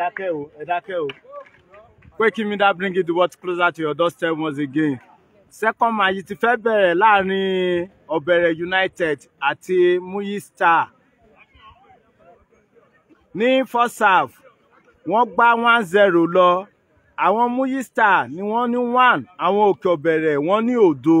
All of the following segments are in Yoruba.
dákẹ́ o ẹ dákẹ́ bring the world closer to your doorstep once again. Second match ti fẹ́ bẹ̀rẹ̀ láàrin Ọ̀bẹ̀rẹ̀ United àti Muyi Star. Ní first half, wọ́n gbá one zero lọ. Àwọn Muyi Star ni wọ́n ní one, àwọn Òkè Ọ̀bẹ̀rẹ̀ wọ́n ní òdo.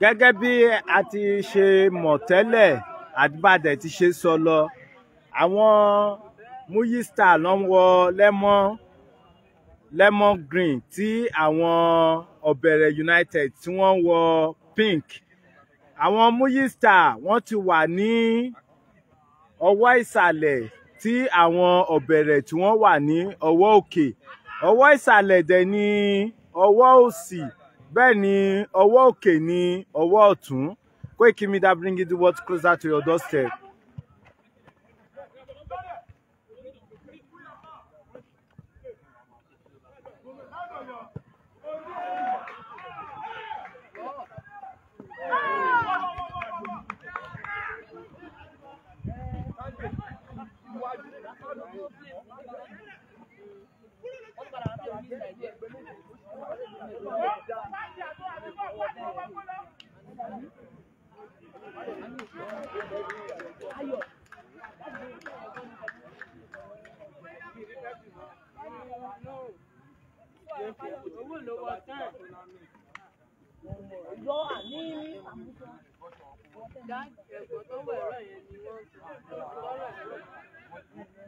gẹ́gẹ́ bí a ti ṣe mọ̀ tẹ́lẹ̀ àdìbàdẹ̀ ti ṣe sọ lọ àwọn múyísítà ló ń wọ lẹ́mọ́ lemon green tí àwọn ọ̀bẹ̀rẹ̀ united tí wọ́n wọ pink àwọn múyísítà wọ́n ti wà ní. Ni ọwọ́ ìsàlẹ̀ tí àwọn ọ̀bẹ̀rẹ̀ tí wọ́n wà ní ọwọ́ òkè ọwọ́ ìsàlẹ̀ dẹ̀ ni ọwọ́ òsì bẹ́ẹ̀ ni ọwọ́ òkè ni ọwọ́ ọ̀tún Koikimedia bringing the world closer to your doorstep. yọ àní àbújá. dáàbì ẹ̀gbọ́n tó wẹ̀ ẹ̀rọ yẹn ni wọ́n ti lọ́rọ̀ ẹ̀rọ yẹn.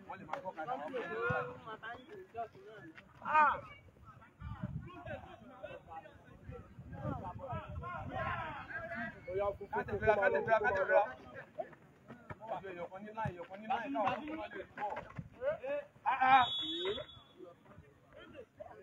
wọ́n ti èdè máa ní láì ìyọ̀kan ní náà wọ́n fún wa lè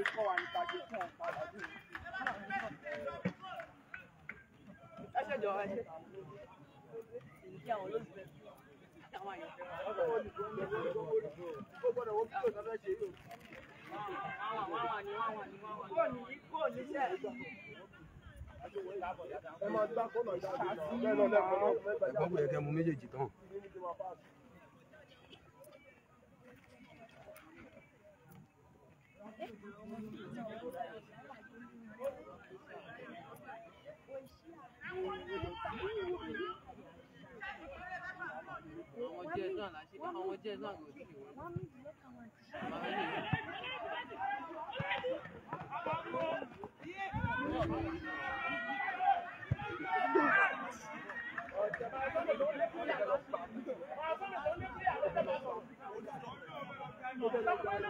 ṣe kọ́ wa ṣe fún ọ̀pá ọdún yìí. ẹ ṣe jọ ẹ ṣe. ìdí àwọn olóṣèlú ìdí àwọn àyànfẹ́ wa. ọ̀pọ̀ olùkọ́ ń lọ sí owó orí kó gbọ́dọ̀ wọ́n kílò náà fẹ́ ṣe yìí o. wọ́n wà ní wọ́n wà ní wọ́n wà ní. kò ní kò ní sẹ́ ẹ máa gbá kọ́nà ìdájọ́ ìgbà bẹ́ẹ̀ lọ́lẹ́kọ̀ọ́ mẹ́ta. ẹ̀gbọ́n kò yẹ kẹ́ mu àwọn díẹ̀ náà láti àwọn díẹ̀ náà kò sí ìwé. Thank you.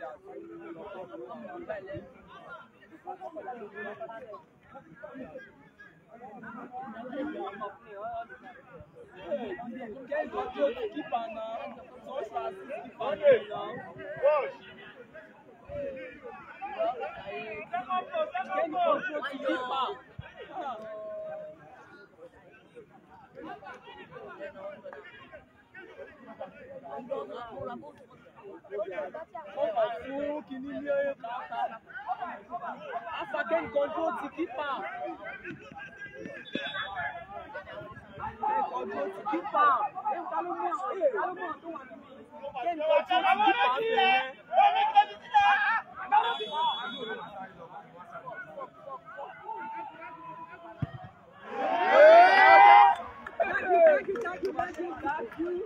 Get your goal to keep an eye. So fast, keep an eye now. Watch. Get your goal to keep an eye. Thank you ó kàn fún kínní ní ọ̀tá afagen control ti kípa control ti kípa ẹ̀ka ló mú àwọn ẹ̀ka ló mú àwọn tó wà nínú ẹ̀ka control ti kípa bẹ̀rẹ̀. Thank you, thank you, thank you.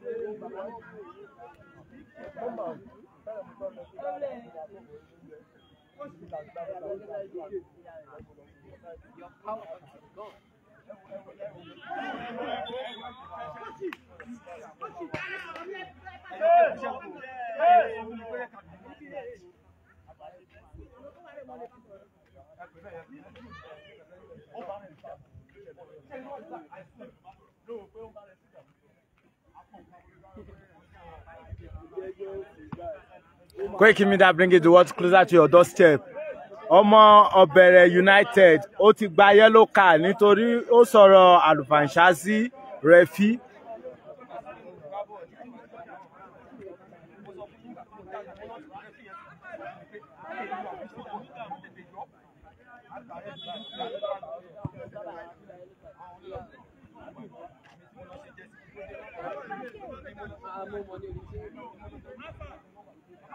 Your power is gone. Koiki Media bringing the words closer to your doorstep Omo Obere United ó ti gba yellow card nítorí ó sọ̀rọ̀ àlùfàǹṣá sí Thank you.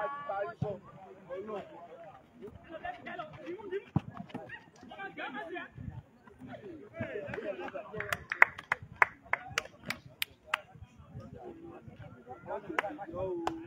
bá ti parí bọ̀ ọ̀nà. Thank you.